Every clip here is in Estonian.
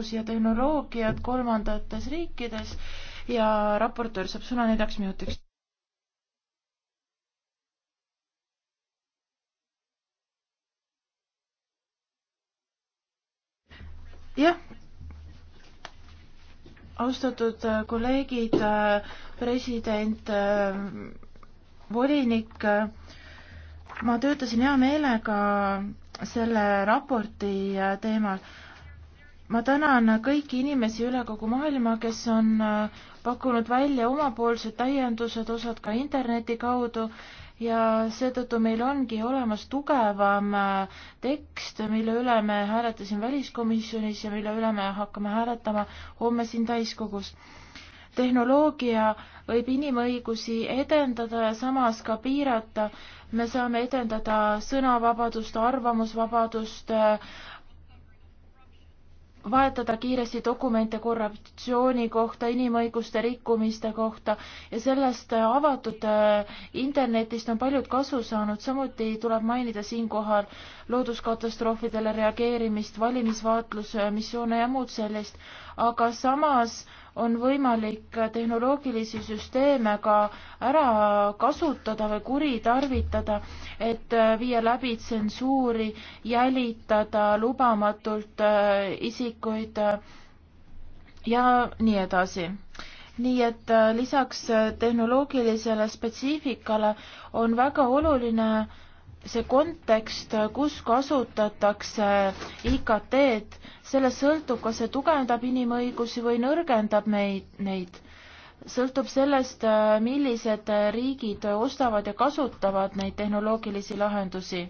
oskusi ja tehnoloogiat kolmandates riikides ja raportöör saab sõna neljaks minutiks. jah, austatud äh, kolleegid, äh, president, äh, volinik, ma töötasin hea meelega selle raporti teemal ma tänan kõiki inimesi üle kogu maailma, kes on äh, pakkunud välja omapoolsed täiendused, osad ka interneti kaudu ja seetõttu meil ongi olemas tugevam äh, tekst, mille üle me hääletasin väliskomisjonis ja mille üle me hakkame hääletama homme siin täiskogus. tehnoloogia võib inimõigusi edendada ja samas ka piirata. me saame edendada sõnavabadust, arvamusvabadust äh,, vahetada kiiresti dokumente korruptsiooni kohta, inimõiguste rikkumiste kohta ja sellest avatud äh, internetist on paljud kasu saanud, samuti tuleb mainida siinkohal looduskatastroofidele reageerimist, valimisvaatlusmissioone äh, ja muud sellist, aga samas on võimalik tehnoloogilisi süsteeme ka ära kasutada või kuritarvitada, et äh, viia läbi tsensuuri, jälitada lubamatult äh, isikuid äh, ja nii edasi nii et lisaks tehnoloogilisele spetsiifikale on väga oluline see kontekst, kus kasutatakse IKT-d, sellest sõltub, kas see tugevdab inimõigusi või nõrgendab meid, neid. sõltub sellest, millised riigid ostavad ja kasutavad neid tehnoloogilisi lahendusi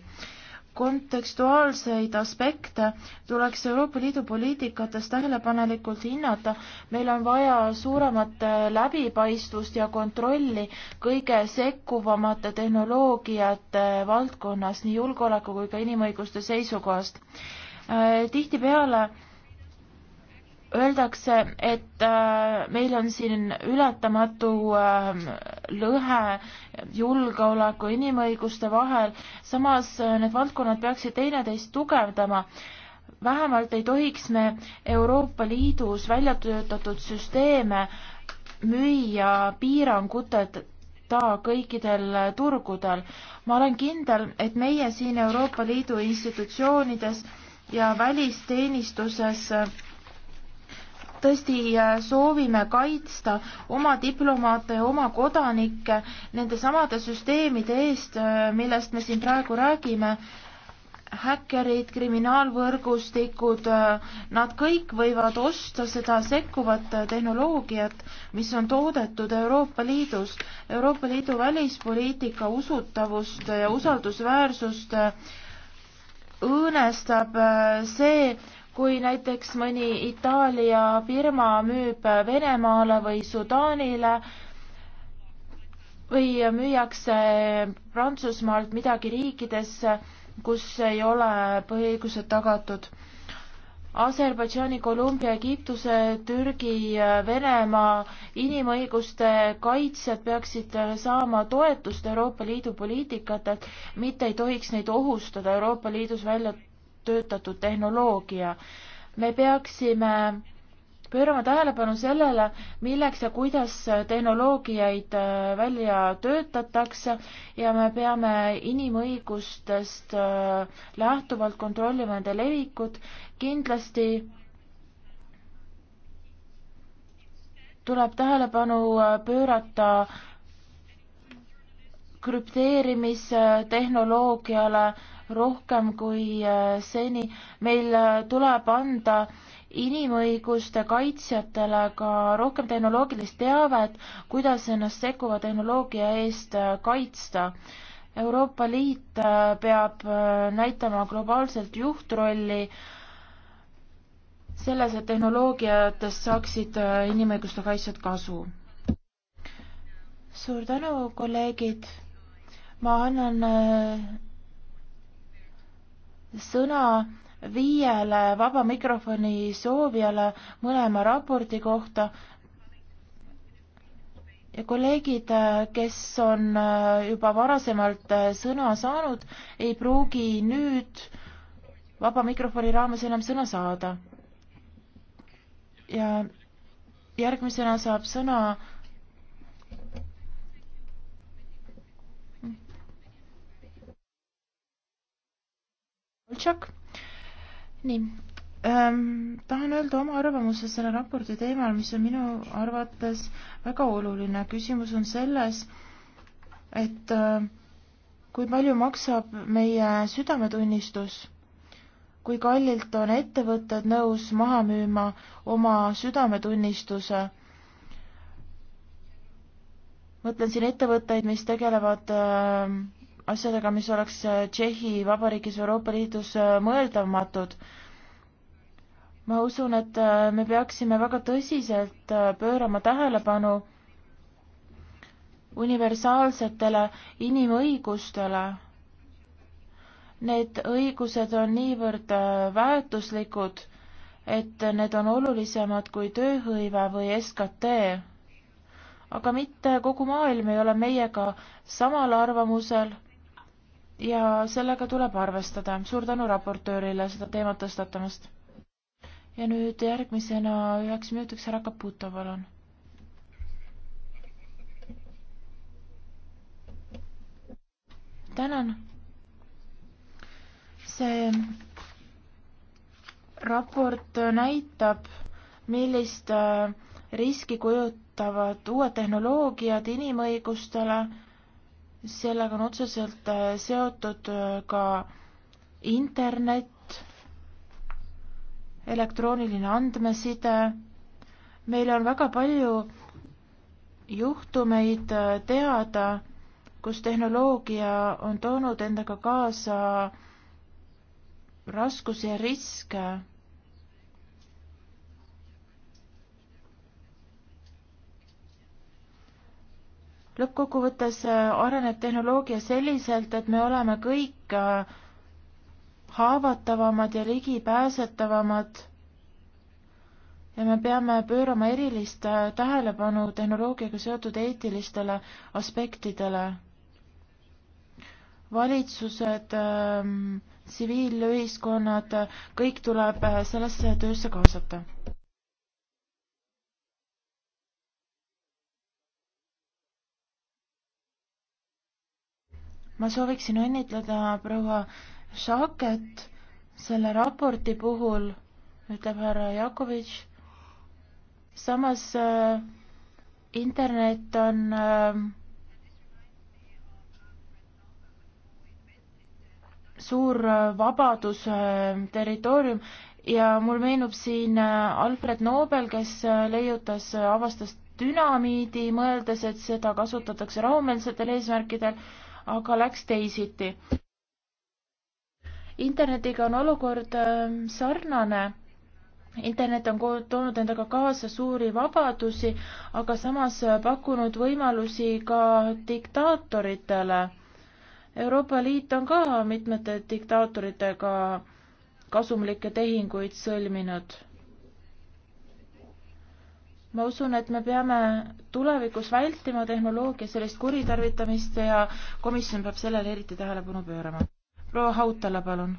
kontekstuaalseid aspekte tuleks Euroopa Liidu poliitikates tähelepanelikult hinnata. meil on vaja suuremat läbipaistvust ja kontrolli kõige sekkuvamate tehnoloogiate valdkonnas nii julgeoleku kui ka inimõiguste seisukohast. Äh, tihtipeale Öeldakse, et äh, meil on siin ületamatu ähm, lõhe julgeoleku ja inimõiguste vahel, samas äh, need valdkonnad peaksid teineteist tugevdama vähemalt ei tohiks me Euroopa Liidus välja töötatud süsteeme müüa piiranguteta kõikidel äh, turgudel. ma olen kindel, et meie siin Euroopa Liidu institutsioonides ja välisteenistuses tõesti äh, soovime kaitsta oma diplomaate ja oma kodanikke nende samade süsteemide eest, äh, millest me siin praegu räägime, häkkerid, kriminaalvõrgustikud, äh, nad kõik võivad osta seda sekkuvat tehnoloogiat, mis on toodetud Euroopa Liidus. Euroopa Liidu välispoliitika usutavust ja usaldusväärsust õõnestab see, kui näiteks mõni Itaalia firma müüb Venemaale või Sudaanile või müüakse Prantsusmaalt midagi riikidesse, kus ei ole põhiõigused tagatud. Aserbaidžaani, Kolumbia, Egiptuse, Türgi, Venemaa inimõiguste kaitsjad peaksid saama toetust Euroopa Liidu poliitikatelt, mitte ei tohiks neid ohustada Euroopa Liidus välja töötatud tehnoloogia. me peaksime pöörama tähelepanu sellele, milleks ja kuidas tehnoloogiaid äh, välja töötatakse ja me peame inimõigustest äh, lähtuvalt kontrollima nende levikut. kindlasti tuleb tähelepanu äh, pöörata krüpteerimistehnoloogiale, rohkem kui äh, seni. meil äh, tuleb anda inimõiguste kaitsjatele ka rohkem tehnoloogilist teavet, kuidas ennast sekkuva tehnoloogia eest äh, kaitsta. Euroopa Liit peab näitama globaalselt juhtrolli selles, et tehnoloogiatest saaksid inimõiguste kaitsjad kasu. suur tänu, kolleegid. ma annan sõna viiele vaba mikrofoni soovijale mõlema raporti kohta. ja kolleegid, kes on juba varasemalt sõna saanud, ei pruugi nüüd vaba mikrofoni raames enam sõna saada. ja järgmisena saab sõna Tšak. nii ähm,, tahan öelda oma arvamuse selle raporti teemal, mis on minu arvates väga oluline. küsimus on selles, et äh, kui palju maksab meie südametunnistus, kui kallilt on ettevõtted nõus maha müüma oma südametunnistuse. mõtlen siin ettevõtteid, mis tegelevad äh, asjadega, mis oleks äh, Tšehhi Vabariigis Euroopa Liidus äh, mõeldamatud. ma usun, et äh, me peaksime väga tõsiselt pöörama tähelepanu universaalsetele inimõigustele. Need õigused on niivõrd väärtuslikud, et need on olulisemad kui tööhõive või SKT aga mitte kogu maailm ei ole meiega samal arvamusel ja sellega tuleb arvestada. suur tänu raportöörile seda teemat tõstatamast. ja nüüd järgmisena üheks minutiks härra Caputo, palun. tänan. see raport näitab, millist riski kujutavad uued tehnoloogiad inimõigustele sellega on otseselt äh, seotud äh, ka internet, elektrooniline andmeside. meil on väga palju juhtumeid äh, teada, kus tehnoloogia on toonud endaga kaasa raskusi ja riske lõppkokkuvõttes äh, areneb tehnoloogia selliselt, et me oleme kõik äh, haavatavamad ja ligipääsetavamad ja me peame pöörama erilist äh, tähelepanu tehnoloogiaga seotud eetilistele aspektidele. valitsused ähm,, tsiviilühiskonnad, kõik tuleb sellesse töösse kaasata. ma sooviksin õnnitleda proua Šaket selle raporti puhul, ütleb härra Jakovitš. samas äh, internet on äh, suur äh, vabaduse äh, territoorium ja mul meenub siin äh, Alfred Nobel, kes leiutas, avastas dünamiidi, mõeldes, et seda kasutatakse rahumeelsetel eesmärkidel aga läks teisiti. internetiga on olukord ähm, sarnane. internet on toonud endaga kaasa suuri vabadusi, aga samas äh, pakkunud võimalusi ka diktaatoritele. Euroopa Liit on ka mitmete diktaatoritega kasumlikke tehinguid sõlminud ma usun, et me peame tulevikus vältima tehnoloogia sellist kuritarvitamist ja komisjon peab sellele eriti tähelepanu pöörama. proua Hautala, palun.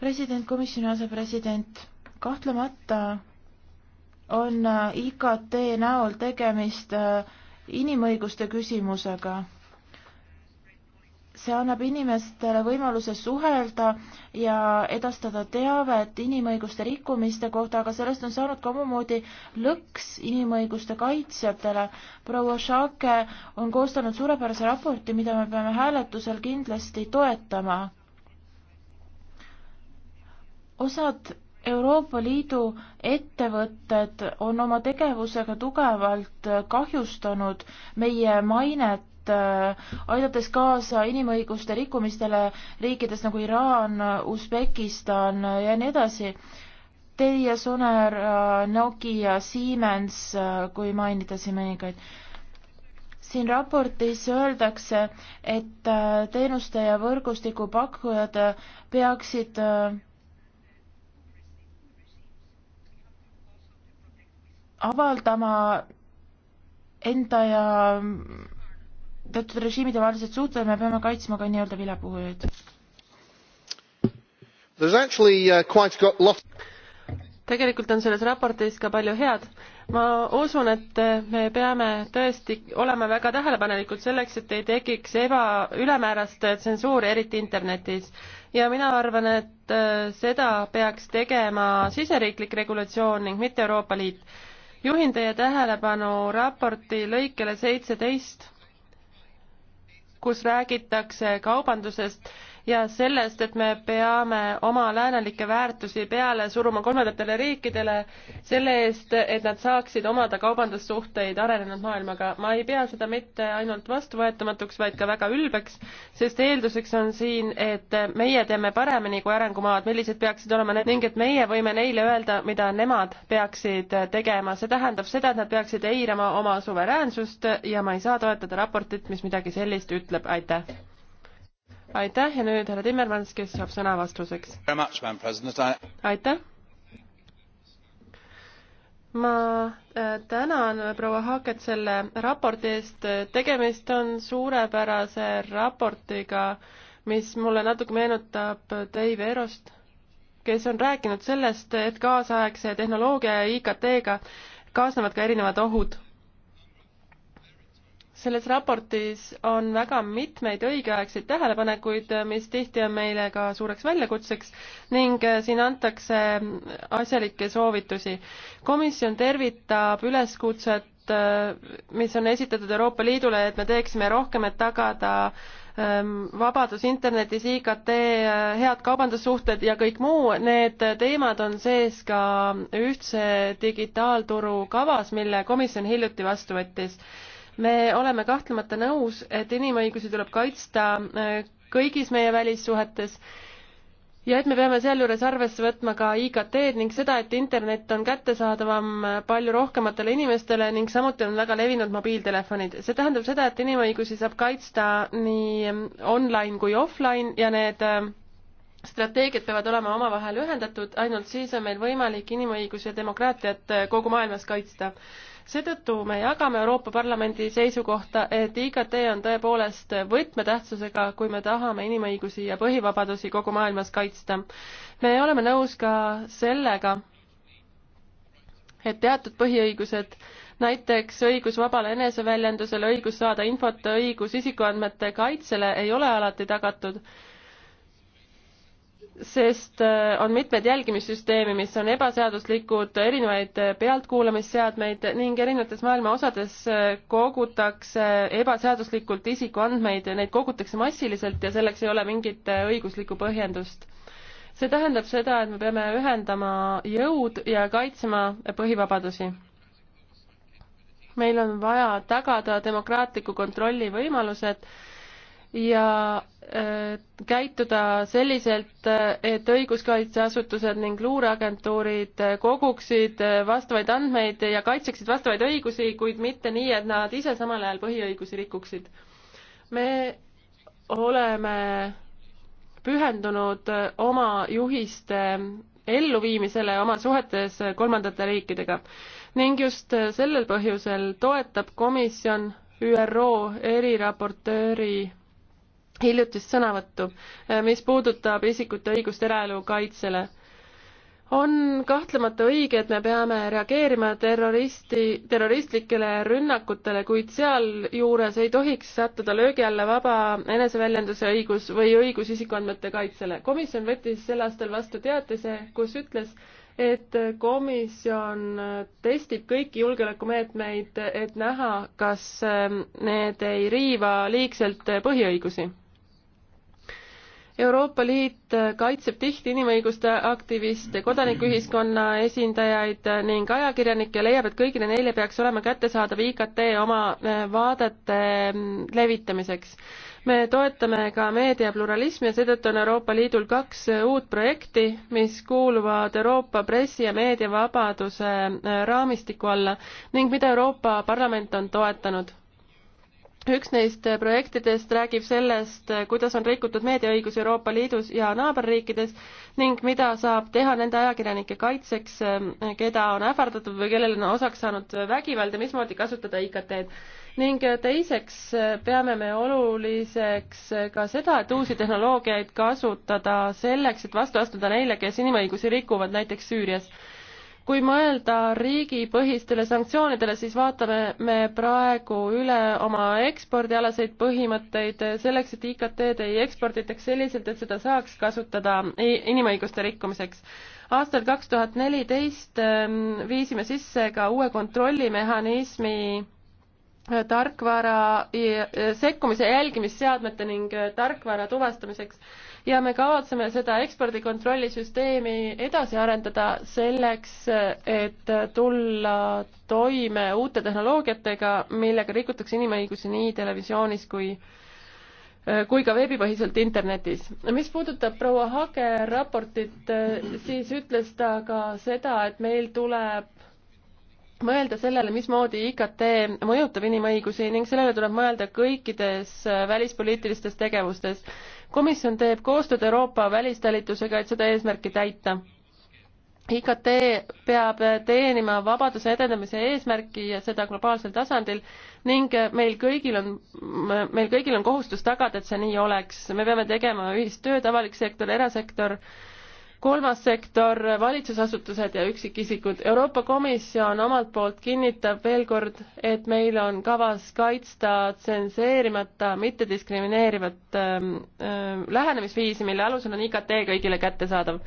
president, komisjoni asepresident, kahtlemata on IKT näol tegemist äh, inimõiguste küsimusega see annab inimestele võimaluse suhelda ja edastada teavet inimõiguste rikkumiste kohta, aga sellest on saanud ka omamoodi lõks inimõiguste kaitsjatele. proua Šake on koostanud suurepärase raporti, mida me peame hääletusel kindlasti toetama. osad Euroopa Liidu ettevõtted on oma tegevusega tugevalt kahjustanud meie mainet Äh, aidates kaasa inimõiguste rikkumistele riikides nagu Iraan, Usbekistan äh, ja nii edasi. Teie, Soner, äh, Nokia, Siemens, kui mainida siin mõningaid. siin raportis öeldakse, et teenuste ja võrgustiku pakkujad peaksid avaldama enda ja teatud režiimide vahelised suhted, me peame kaitsma ka nii-öelda vilepuhujaid. Uh, tegelikult on selles raportis ka palju head. ma usun, et me peame tõesti olema väga tähelepanelikud selleks, et ei tekiks eba, ülemäärast tsensuuri, eriti internetis. ja mina arvan, et äh, seda peaks tegema siseriiklik regulatsioon ning mitte Euroopa Liit juhin teie tähelepanu raporti lõikele seitseteist kus räägitakse kaubandusest ja sellest, et me peame oma läänelikke väärtusi peale suruma kolmandatele riikidele selle eest, et nad saaksid omada kaubandussuhteid arenenud maailmaga. ma ei pea seda mitte ainult vastuvõetamatuks, vaid ka väga ülbeks, sest eelduseks on siin, et meie teame paremini kui arengumaad, millised peaksid olema need ning et meie võime neile öelda, mida nemad peaksid tegema. see tähendab seda, et nad peaksid eirama oma suveräänsust ja ma ei saa toetada raportit, mis midagi sellist ütleb. aitäh! aitäh ja nüüd härra Timmermans, kes saab sõna vastuseks. aitäh. ma äh, tänan proua Haaket selle raporti eest, tegemist on suurepärase raportiga, mis mulle natuke meenutab Dave Erost, kes on rääkinud sellest, et kaasaegse tehnoloogia ja IKT-ga kaasnevad ka erinevad ohud selles raportis on väga mitmeid õigeaegseid tähelepanekuid, mis tihti on meile ka suureks väljakutseks ning äh, siin antakse asjalikke soovitusi. komisjon tervitab üleskutset, äh, mis on esitatud Euroopa Liidule, et me teeksime rohkem, et tagada ähm, vabadus internetis, IKT, äh, head kaubandussuhted ja kõik muu, need teemad on sees ka ühtse digitaalturu kavas, mille komisjon hiljuti vastu võttis me oleme kahtlemata nõus, et inimõigusi tuleb kaitsta äh, kõigis meie välissuhetes ja et me peame sealjuures arvesse võtma ka IKT-d ning seda, et internet on kättesaadavam äh, palju rohkematele inimestele ning samuti on väga levinud mobiiltelefonid. see tähendab seda, et inimõigusi saab kaitsta nii ähm, online kui offline ja need ähm, strateegiad peavad olema omavahel ühendatud, ainult siis on meil võimalik inimõigusi ja demokraatiat äh, kogu maailmas kaitsta seetõttu me jagame Euroopa Parlamendi seisukohta, et IKT on tõepoolest võtmetähtsusega, kui me tahame inimõigusi ja põhivabadusi kogu maailmas kaitsta. me oleme nõus ka sellega, et teatud põhiõigused näiteks õigus vabale eneseväljendusele, õigus saada infot, õigus isikuandmete kaitsele ei ole alati tagatud sest äh, on mitmed jälgimissüsteemi, mis on ebaseaduslikud, erinevaid äh, pealtkuulamisseadmeid ning erinevates maailma osades äh, kogutakse ebaseaduslikult isikuandmeid, neid kogutakse massiliselt ja selleks ei ole mingit õiguslikku põhjendust. see tähendab seda, et me peame ühendama jõud ja kaitsema põhivabadusi. meil on vaja tagada demokraatliku kontrolli võimalused ja äh, käituda selliselt, et õiguskaitseasutused ning luureagentuurid äh, koguksid äh, vastavaid andmeid ja kaitseksid vastavaid õigusi, kuid mitte nii, et nad ise samal ajal põhiõigusi rikuksid. me oleme pühendunud oma juhiste elluviimisele oma suhetes kolmandate riikidega ning just sellel põhjusel toetab komisjon ÜRO eriraportööri hiljutist sõnavõttu, eh, mis puudutab isikute õigust eraelu kaitsele. on kahtlemata õige, et me peame reageerima terroristi, terroristlikele rünnakutele, kuid sealjuures ei tohiks sattuda löögi alla vaba eneseväljenduse õigus või õigus isikuandmete kaitsele. komisjon võttis sel aastal vastu teatise, kus ütles, et komisjon testib kõiki julgeolekumeetmeid, et näha, kas eh, need ei riiva liigselt põhiõigusi Euroopa Liit kaitseb tihti inimõiguste aktiviste, kodanikuühiskonna esindajaid ning ajakirjanikke ja leiab, et kõigile neile peaks olema kättesaadav IKT oma äh, vaadete mm, levitamiseks. me toetame ka meediapluralismi ja seetõttu on Euroopa Liidul kaks äh, uut projekti, mis kuuluvad Euroopa pressi- ja meediavabaduse äh, raamistiku alla ning mida Euroopa Parlament on toetanud üks neist äh, projektidest räägib sellest, äh, kuidas on rikutud meediaõigus Euroopa Liidus ja naaberriikides ning mida saab teha nende ajakirjanike kaitseks, äh, keda on ähvardatud või kellel on osaks saanud vägivald ja mismoodi kasutada IKT-d. ning teiseks peame me oluliseks ka seda, et uusi tehnoloogiaid kasutada selleks, et vastu astuda neile, kes inimõigusi rikuvad, näiteks Süürias kui mõelda riigipõhistele sanktsioonidele, siis vaatame me praegu üle oma ekspordialaseid põhimõtteid selleks, et IKT-d ei eksporditaks selliselt, et seda saaks kasutada inimõiguste rikkumiseks. aastal kaks tuhat neliteist ehm, viisime sisse ka uue kontrollimehhanismi eh, tarkvara eh, sekkumise jälgimisseadmete ning eh, tarkvara tuvastamiseks ja me kavatseme seda ekspordikontrollisüsteemi edasi arendada selleks, et tulla toime uute tehnoloogiatega, millega rikutakse inimõigusi nii televisioonis kui kui ka veebipõhiselt internetis. mis puudutab proua Hage raportit, siis ütles ta ka seda, et meil tuleb mõelda sellele, mismoodi IKT mõjutab inimõigusi ning sellele tuleb mõelda kõikides välispoliitilistes tegevustes komisjon teeb koostööd Euroopa välistalitusega, et seda eesmärki täita. IKT peab teenima vabaduse edendamise eesmärki ja seda globaalsel tasandil ning meil kõigil on, meil kõigil on kohustus tagada, et see nii oleks. me peame tegema ühist tööd, avalik sektor, erasektor äh,, kolmas sektor, valitsusasutused ja üksikisikud. Euroopa Komisjon omalt poolt kinnitab veel kord, et meil on kavas kaitsta tsenseerimata, mittediskrimineerivat ähm, ähm, lähenemisviisi, mille alusel on IKT kõigile kättesaadav.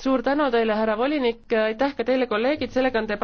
suur tänu teile, härra volinik, aitäh ka teile, kolleegid, sellega on debatt